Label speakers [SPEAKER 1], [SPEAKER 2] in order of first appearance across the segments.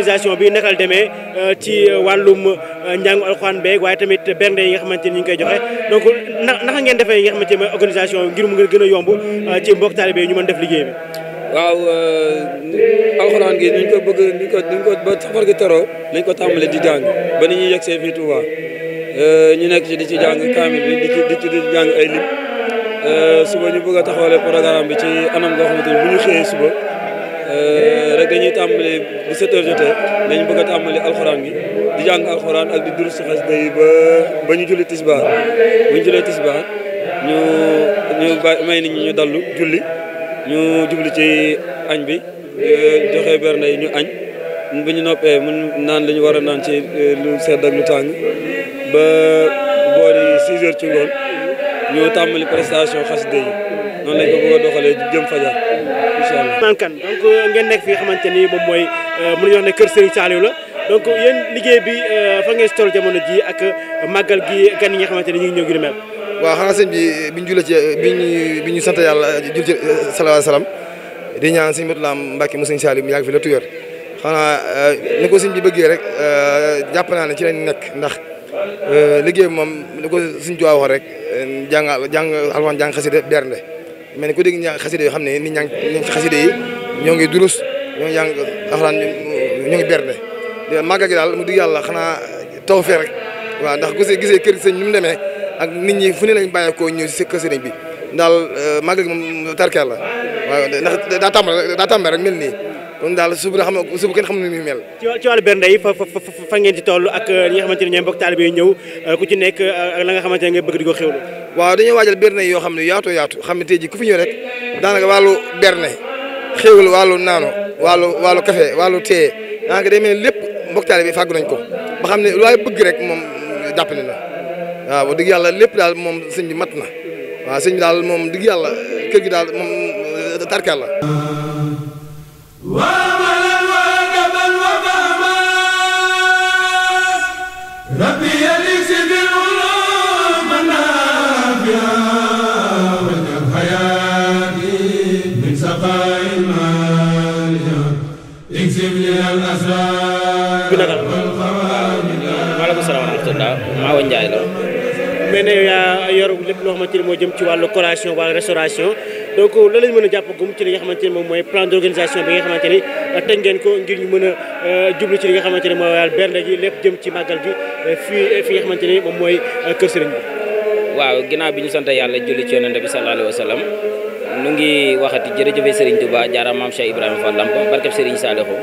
[SPEAKER 1] organisation bi naka la demee euh, ci euh, wàllum euh, njàngu alxuraan beeg waaye tamit bernde yi nga xamante ni ñu ngi koy joxe donc naka ngeen defee yi nga xamante ne mooy organisation ngir mu gën a yomb ci mbokk taalibe yi ñu mën def liggéey bi. waaw
[SPEAKER 2] alxuraan gi ni ñu
[SPEAKER 1] ko bëgg ni ñu ko ni ñu ko ba ko
[SPEAKER 3] tàmbale di jàng ba ni ñuy yegsee fii Touba ñu nekk ci di ci jàng kaamil bi di ci di ci di jàng ay lim suba ñu bëgg a taxawale programme bi ci anam goo xamante bu ñu xëyee suba. dañuy tàmbali bu 7 heures jotee dañu bëgg tàmbali alxuraan gi di jàng alxuraan ak di durus xas day ba ba ñu julli tisbaar bu ñu jullee tisbaar ñu ñu may nit ñi ñu dallu julli ñu jubli ci añ bi joxe berne yi ñu añ bu ñu noppee mun naan li ñu naan ci eh, lu sedd ak lu tàng ba boori 6 heures ci ngoon ñu tàmbali prestation xas day noonu lañ ko jëm fajar incha
[SPEAKER 1] allah. Euh, nekk xamante ni moom mooy euh, mën nañu wax ne kër Serigne Saliou la donc yéen liggéey bi euh, fa ngeen si jamono ji ak màggal gi gan yi nga xamante ni ñu ngi ñëw gi di mel.
[SPEAKER 4] bi bi ñu julee ci bi bi ñu sant yàlla jul ci salaam di ñaan sëñ Matoulaam Mbacke mu sëñ Saliou mu yàgg fi la tuwér xanaa ni ko sëñ bi bëggee rek jàpp naa ne ci lañ nekk ndax liggéey moom ni ko sëñ Tuubaa wax rek jàng jàng alxuraan jàng xasida bernde mais ne ku dégg ña xasida yoo xam ne nit ñaa ngi ci xasida yi ñoo ngi durus ñoo ngi jàng alxuraan ñoo ngi berde de gi daal mu dugg yàlla xanaa taw fee rek waaw ndax gisee gisee kër sëñ ni demee ak nit ñi fu ne lañ bàyyeekoo ñëw si bi daal euh, màggal gi moom tarkeer la waaw ndax daa tàmbale daa tàmbale mel nii kon daal suba nga xam ne suba kenn xam ne muy nga xamante ne
[SPEAKER 1] euh, euh, ne nga bëgg di ko xéwlu.
[SPEAKER 4] waaw dañuy waajal bernde yoo xam ne yaatoo yaatu xam ne tey jii ku fi ñëw rek daanaka wàllu bernde xéwlu wàllu naano wàllu wàllu café wàllu tee lépp mbokk taalibe yi fàggu nañ ko ba xam ne looy bëgg rek moom jàpp na waaw dëgg yàlla lépp daal moom sëñ bi mat na waaw sëñ daal moom dëgg yàlla kër gi daal moom euh, tarkal la
[SPEAKER 3] Mawa Ndiaye la.
[SPEAKER 1] mais ne yaa yor lépp loo xamante ni moo jëm ci wàllu collation wala restauration. donc loolu lañ mën a jàppagum ci li nga xamante ni moom mooy plan d'organisation bi nga xamante ni euh, teg ngeen ko ngir ñu mën a euh, jublu ci li nga xamante ni lépp jëm ci màggal gi fii euh, fi xamante ni moom mooy kër sëriñ bi
[SPEAKER 3] waaw ginnaaw bi ñu sant yàlla julli ci yonent bi sallallahu alayhi wa sallam ñu ngi waxati jërëjëfe Serigne Touba jaara maam Cheikh Ibrahima Fall Lamp barkeb Serigne Saliou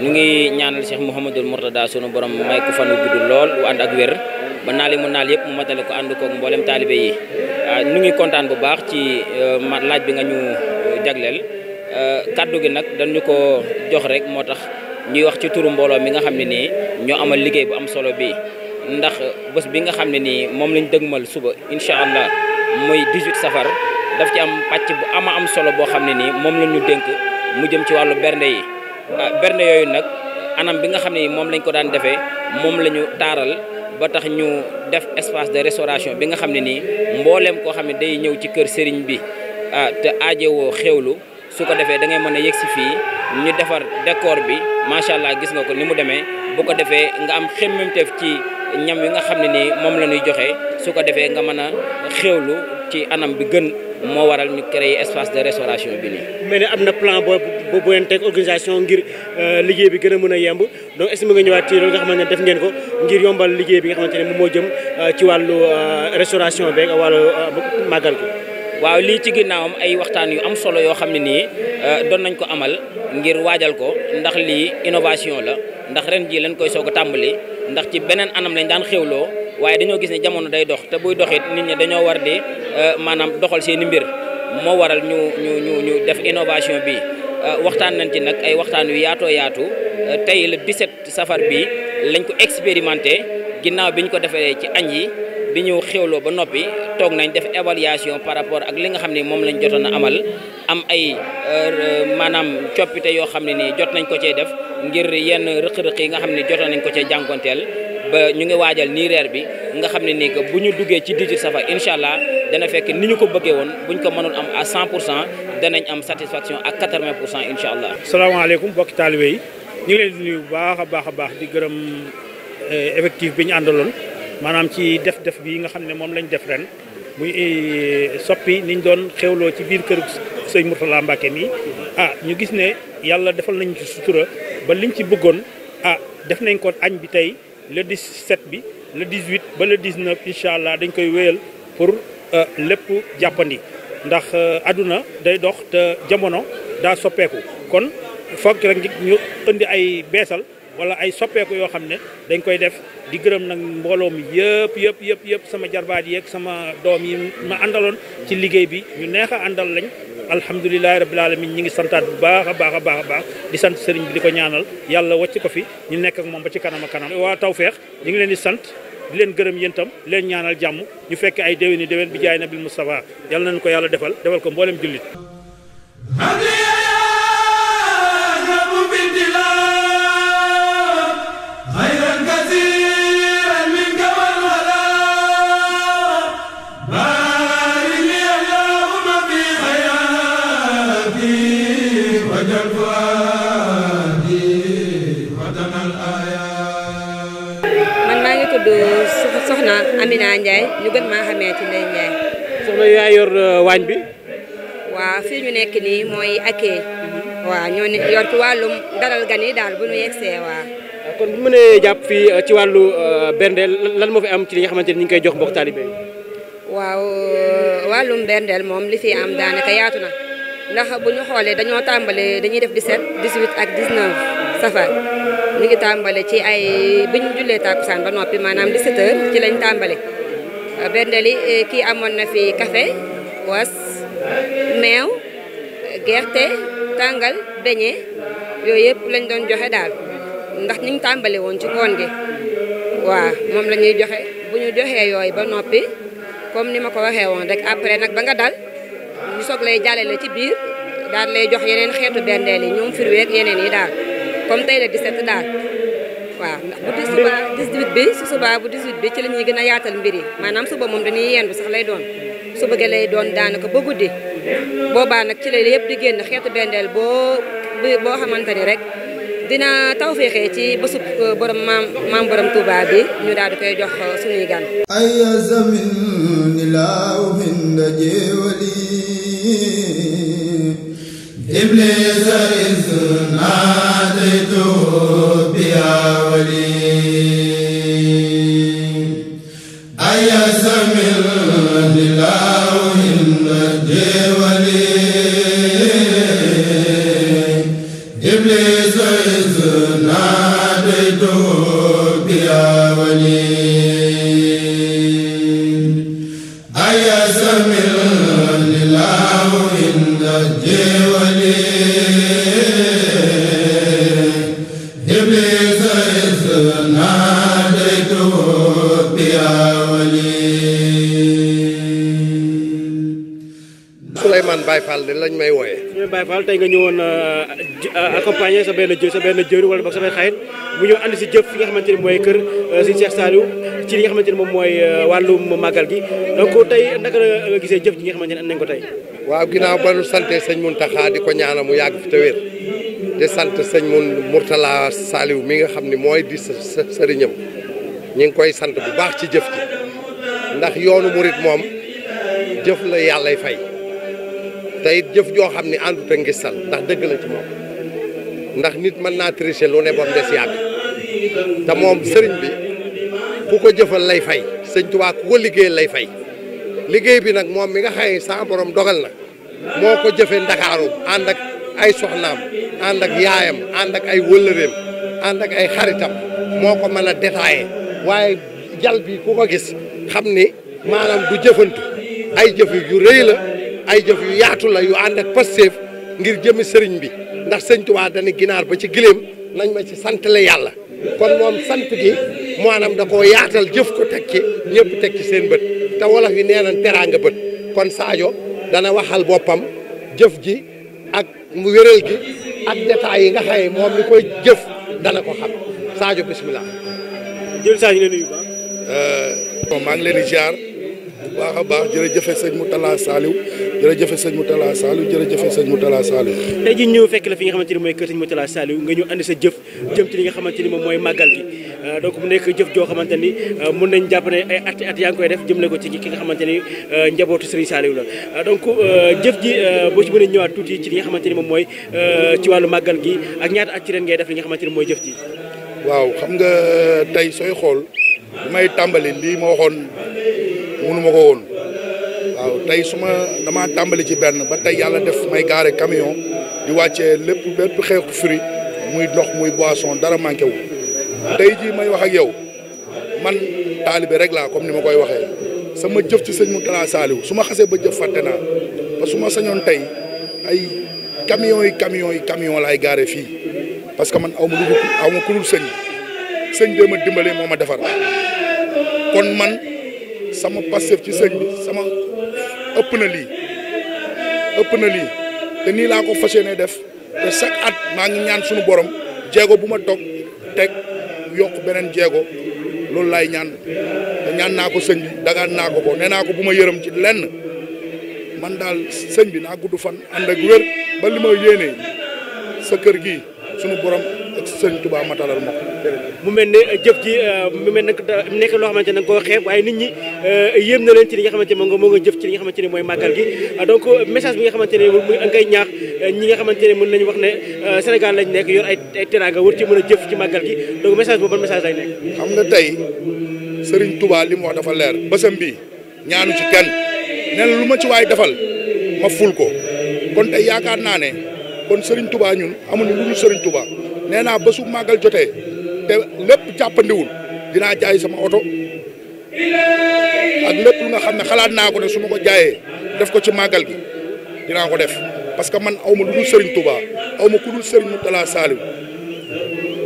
[SPEAKER 3] ñu ngi ñaanal Cheikh Mouhamadul Mourtada sunu borom may ko fanu gudd lool bu ànd ak wér ba naal yi mu naal yëpp mu matale ko ànd koog mboolem taalibe yi ah, ñu ngi kontaan bu baax ci euh, laaj bi nga ñu euh, jagleel euh, kaddu gi nag dañu ko jox rek moo tax ñuy wax ci turu mbooloo mi nga xam ne nii ñoo amal liggéey bu am solo bii ndax bës bi nga xam ne nii moom lañ dëgmal suba incha allah muy 18 safar daf ci am pàcc bu ama am solo boo xam ne nii moom la ñu dénk mu jëm ci wàllu bernde yi ah, bernde yooyu nag. anam bi nga xam ne moom lañ ko daan defee moom la ñu taaral ba tax ñu def espace de restauration bi nga xam ne nii mbooleem koo xam ne day ñëw ci kër sëriñ bi ah te aajewoo xewlu su ko defee da ngay mën a yegg si fii ñu defar décor bi macha allah gis nga ko ni mu demee bu ko defee nga am xemmemteef ci ñam yi nga xam ne nii moom la ñuy joxe su ko defee nga mën a xewlu ci anam bi gën moo waral ñu créer espace de restauration bi nii.
[SPEAKER 1] mel ne am na plan boo boo boo teg organisation ngir euh, liggéey bi gën a mën a yemb donc est-ce que mën nga ñëwaat ci loolu nga xamante ne def ngeen ko ngir yombal liggéey bi nga xamante ne moom moo jëm euh, ci wàllu euh, restauration beeg wàllu màggal ko.
[SPEAKER 3] waaw lii ci ginnaawam ay waxtaan yu am solo yoo xam ne nii doon nañ ko amal ngir waajal ko ndax lii innovation la ndax ren jii lañ koy soog a tàmbali ndax ci beneen anam lañ daan xéwloo. waaye dañoo gis ne jamono day dox te buy doxit nit ñi dañoo war di euh, maanaam doxal seeni mbir moo waral ñu ñu ñu def innovation bi euh, waxtaan nañ ci nag ay waxtaan yu yaatoo yaatu euh, tey le 17 safar bi lañ ko expérimenté ginnaaw bi ñu ko defee ci añ yi bi ñu xewloo ba noppi toog nañ def évaluation par rapport ak li nga xam ni moom lañ jotoon a amal am ay maanaam coppite yoo xam ne nii jot nañ ko cee def ngir yenn rëq-rëq yi nga xam ne jotoon nañ ko cee jànkonteel ba ñu ngi waajal nii reer bi nga xam ne nii bu ñu duggee ci 18 safar incha allah dana fekk ni ñu ko bëggee woon bu ñu ko mënoon am à 100 pour cent danañ am satisfaction ak 80 pour cent incha allah.
[SPEAKER 5] salaamaaleykum bokki taalibe yi ñu ngi leen di baax a baax a baax di gërëm eh, effectif bi ñu àndaloon maanaam ci def-def bi nga xam ne moom lañ def ren muy eh, soppi niñ doon xewloo ci biir kër sëñ Mourtala Mbacke mi ah ñu gis ne yàlla defal nañ ci sutura ba liñ ci bëggoon ah def nañ ko añ bi tey. le 17 bi le 18 ba le 19 incha allah dañ koy wéyal pour euh, lépp jàppandi ndax euh, àdduna day dox te jamono daa soppeeku kon foog rek ñu indi ay beesal wala ay soppeeku yoo xam ne dañ koy def di gërëm nag mbooloo mi yëpp yëpp yëpp yëpp sama jarbaat yeeg sama doom yi ma àndaloon ci liggéey bi ñu neex a àndal lañ alhamdulilahi rabil alamin ñi ngi santaat bu baax a baax a baax a baax di sant sëriñ bi di ko ñaanal yàlla wàcc ko fi ñu nekk ak moom ba ci kanam a kanam waa tawfeex ñu ngi leen di sant di leen gërëm yéen tam leen ñaanal jàmm ñu fekk ay déwéni déwén bi jaay nabil Moustapha yàlla leen ko yàlla defal defal ko mboolem jullit
[SPEAKER 1] waañ bi.
[SPEAKER 2] waaw fii ñu nekk nii mooy accueil. waa ñoo ne yor ci wàllum dalal gan yi daal bu ñu yegsee waaw.
[SPEAKER 1] kon bu mënee jàpp fii euh, ci wàllu euh, bernde lan moo fi am ci li xamante ni ñu koy jox mbokk taalibe yi.
[SPEAKER 2] waaw euh, wàllum berndeel moom li fi am daanaka yaatu na ndax bu ñu xoolee dañoo tàmbale dañuy def 17 18 ak 19 safar ñu ngi tàmbale ci ay bi ñu jullee tàkkusaan ba noppi maanaam 17 heures ci lañ tàmbale berndeel yi eh, kii amoon na fi café was meew gerte tàngal beñe yooyu yëpp lañ doon joxe daal ndax niñ tàmbali woon ci koon gi waa moom la ñuy joxe bu ñu joxee yooyu ba noppi comme ni ma ko waxee woon rek après nag ba nga dal ñu soog lay jàllale ci biir daal lay jox yeneen xeetu bendeel yi ñoom firweeg yeneen yi daal comme tey la 17 daal waaw ndax bu di suba 18 bi su suba bu 18 bi ci la ñuy gën a yaatal mbir yi maanaam suba moom dañuy yendu sax lay doon su gi lay doon daanaka ba guddi boobaa nag ci la yëpp di génn xeetu bendeel boo boo xamante ni rek dina taw féexee ci bésu uh, borom maam maam borom Touba bi ñu daal koy jox uh, suñuy gan
[SPEAKER 4] ay zamin ni laaw hinda jeewali iblisa
[SPEAKER 1] is naadaytu bi awali ay zamin إبليس إذ ناديته بيا ولي
[SPEAKER 6] man Baye Fall de lañ may wooyee. ñu ne Baye Fall tey nga ñëwoon euh,
[SPEAKER 1] euh, accompagner sa benn jë sa benn jëru wala boog sa benn xarit bu ñëw ànd si jëf fi nga xamante ni mooy kër euh, si Cheikh Saliou ci li xamante ni moom mooy wàllum màggal gi donc tey naka la
[SPEAKER 6] gisee jëf ji nga xamante ne am nañ ko tey. waaw ginnaaw ba nu sant sëñ Mountakha di ko ñaanal mu yàgg fi te wér di sant sëñ mun Mourtala saaliw mi nga xam ni mooy di sa sëriñam ñu ngi koy sant bu baax ci jëf ji ndax yoonu murit moom jëf la yàllay fay. te jëf joo xam ne àndut ak ngistal ndax dëgg ci moom ndax nit mën naa tricher lu ne ba mu des
[SPEAKER 1] te moom sëriñ
[SPEAKER 6] bi ku ko jëfal lay fay sëñ Tuubaa ku ko liggéey lay fay liggéey bi nag moom mi nga xaye sa borom dogal na moo ko jëfe ndakaaru ànd ay soxnaam ànd ak yaayam ànd ay wëllëreem ànd ay xaritam moo ko mën a détaillé waaye jal bi ku ko gis xam ni maanaam du jëfantu ay jëf yu rëy la ay jëf yu yaatu la yu ànd ak Pastef ngir jëmmi sëriñ bi ndax sëñ Tuubaa dana ginaar ba ci gileem nañ ma ci sant yàlla kon moom sant gi maanaam da koo yaatal jëf ko teg ci ñëpp teg ci seen bët te wolof yi nee nañ teraanga bët kon Sadio dana waxal boppam jëf ji ak mu wéral gi ak détails yi nga xaye moom li koy jëf dana ko xam Sadio bisimilah.
[SPEAKER 7] jërëjëf Sadio ñu ngi euh, leen di nuyu baax. maa ngi baax a baax jërëjëfe sëñ Moutalla Saliou mu sëñ Moutalla Saliou jërëjëfe sëñ Moutalla Saliou
[SPEAKER 1] tey ji ñëw fekk la fi nga xamante ni mooy kër sëñ Moutalla Saliou nga ñu sa jëf nga xamante ni moom mooy màggal gi euh, donc bu nekk jëf joo xamante ni euh, mun nañ jàpp ne at at yaa ngi koy def jëmle ko ci ki nga xamante ni euh, njabootu sëriñ Saliou la donc jëf ji boo ci mën a ñëwaat tuuti ci li nga xamante ni moom mooy
[SPEAKER 7] ci wàllu màggal gi ak ñaata at ci ren ngay def li nga xamante ni mooy jëf ji waaw xam nga tey sooy xool may tàmbali lii ma waxoon mënu ma ko woon waaw tey su ma damaa tàmbali ci benn ba tey yàlla def may gaare camion di wàccee lépp lépp xeetu fruit muy ndox muy boisson dara manqué wu. tey jii may wax ak yow man taalibe rek laa comme ni ma koy waxee sama jëf ci sëñ mu Saliou su ma xasee ba jëf fàtte naa parce su ma sañoon tey ay camions yi camion yi camion laay gaare fii parce que man aw ma lu aw ma sëñ sëñ bi ma dimbale moo ma defar kon man. sama Pastef ci sëñ bi sama ëpp na lii ëpp na lii te nii laa ko fas def te chaque at maa ngi ñaan suñu borom jéego bu ma toog teg yokk beneen jéego loolu laay ñaan te ñaan naa ko sëñ bi dagaan naa ko ko nee naa ko bu ma yërëm ci lenn man daal sëñ bi naa gudd fan ànd ak wér ba ma yéene sa kër gi suñu borom. ak sëriñ Tuubaa ma talal ma mu mel ne jëf ji
[SPEAKER 1] mu mel nag nekk loo xamante ne koo xeeb waaye nit ñi eh, yéem na leen ci li nga xamante ne moom moo nga jëf ci li nga xamante ne mooy màggal gi ah, donc message bi nga ne mu ngay ñaax eh, ñi ne mën nañu wax ne
[SPEAKER 7] eh, Sénégal lañ nekk yor ay ay teraanga a jëf ci màggal gi donc message boobu ban message lay nekk. xam nga tey sëriñ Tuubaa li mu wax dafa leer ba bi ñaanu ci kenn nee lu ma ci waay defal ma ful ko kon tey yaakaar naa ne kon sëriñ Tuubaa ñun amuñu lu ñu sëriñ Tuubaa nee naa ba su màggal jotee te lépp jàppandiwul dinaa jaay sama oto ak lépp lu nga xam ne xalaat naa ko ne su ma ko jaayee def ko ci màggal gi dinaa ko def parce que man aw ma lu dul Serigne Touba aw ma ku dul Serigne Moutala Saliou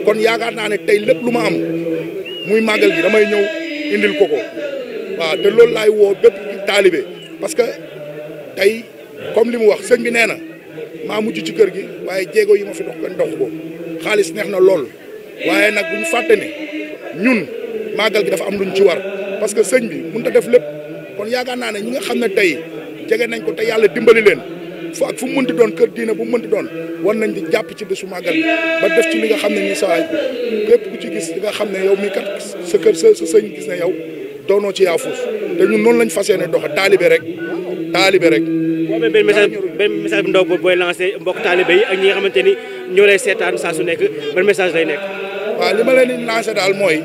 [SPEAKER 7] kon yaakaar naa ne tey lépp lu ma am muy màggal gi damay ñëw indil ko ko waaw te loolu laay woo bépp taalibe parce que tey comme li mu wax sëñ bi nee na maa mujj ci kër gi waaye jéego yi ma fi dox kenn dox ko. xaalis neex na lool waaye nag bu ñu fàtte ne ñun màggal bi dafa am luñ ci war parce que sëñ bi mënut a def lépp kon yaakaar naa ne ñi nga xam ne tey jege nañ ko te yàlla dimbali leen foo ak fu mu ti doon kër diina bu mënti doon war nañ di jàpp ci bésu màggal ba def ci li nga xam ne nii saa képp ku ci gis li nga xam ne yow mii kat sa kër sa sa sëñ gis ne yow doonoo ci yaafus te ñun noonu lañ fas yéene doxa taalibe rek. taalibe rek. waaw benn message
[SPEAKER 1] benn message bu ndaw booy
[SPEAKER 7] lancé mbokk taalibe yi ak ñi nga xamante ni ñoo lay seetaan saa su nekk ban message lay nekk. waa li ma leen di lancé daal mooy.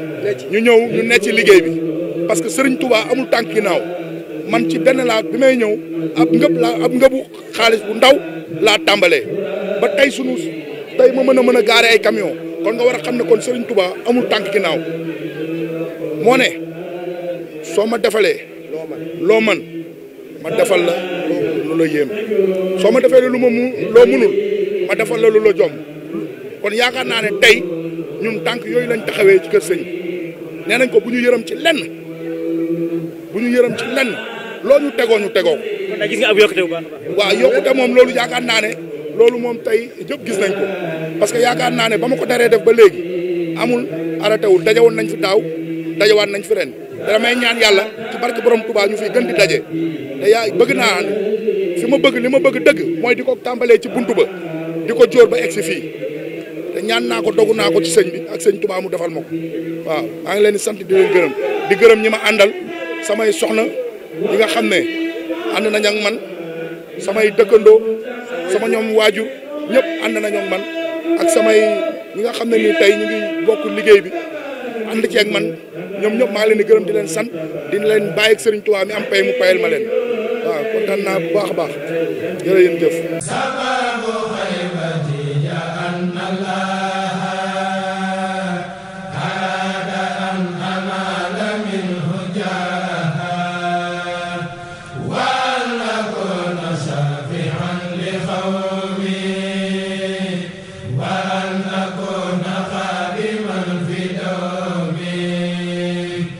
[SPEAKER 7] ñu ñëw ñu nekk ci liggéey bi. parce que Serigne Touba amul tànk ginnaaw man ci benn laa bi may ñëw ab ngëb laa xaalis bu ndaw laa tàmbalee ba tey sunu tey mën a mën a gaare ay kon nga war a xam ne kon Serigne Touba amul tànk ginnaaw moo ne soo ma defalee loo man ma defal la lu la yéem soo ma defee lu ma mu loo munul ma defal la lu la jom kon yaakaar naa ne tey ñun tànk yooyu lañ taxawee ci kër sëñ nee nañ ko bu ñu yërëm ci lenn bu ñu yërëm ci lenn loo ñu tegoo ñu tegoo ko. gis nga ab yokkute bu baax waaw yokkute moom loolu yaakaar naa ne loolu moom tey jëpp gis nañ ko parce que yaakaar naa ne ba ma ko daree def ba léegi amul arrêté wul dajawoon nañ fi daaw dajawaat nañ fi ren damay ñaan yàlla. barke borom Touba ñu fiy gën di daje te yaa bëgg naa ànd fi ma bëgg li ma bëgg dëgg mooy di ko tàmbalee ci bunt ba di ko jóor ba egg si fii te ñaan naa ko dogu naa ko ci sëñ bi ak sëñ Touba mu defal ma ko waaw maa ngi leen di sant di leen gërëm di gërëm ñi ma àndal samay soxna ñi nga xam ne ànd nañ ak man samay dëkkandoo sama ñoom waajur ñëpp ànd nañ ak man ak samay ñi nga xam ne nii tey ñu ngi bokk liggéey bi. ànd ci ak man ñoom ñëpp maa leen di gërëm di leen sant di leen bàyyi ak Serigne Touba mi am pay mu payal ma leen waaw kontaan naa bu baax a baax jërëjëf.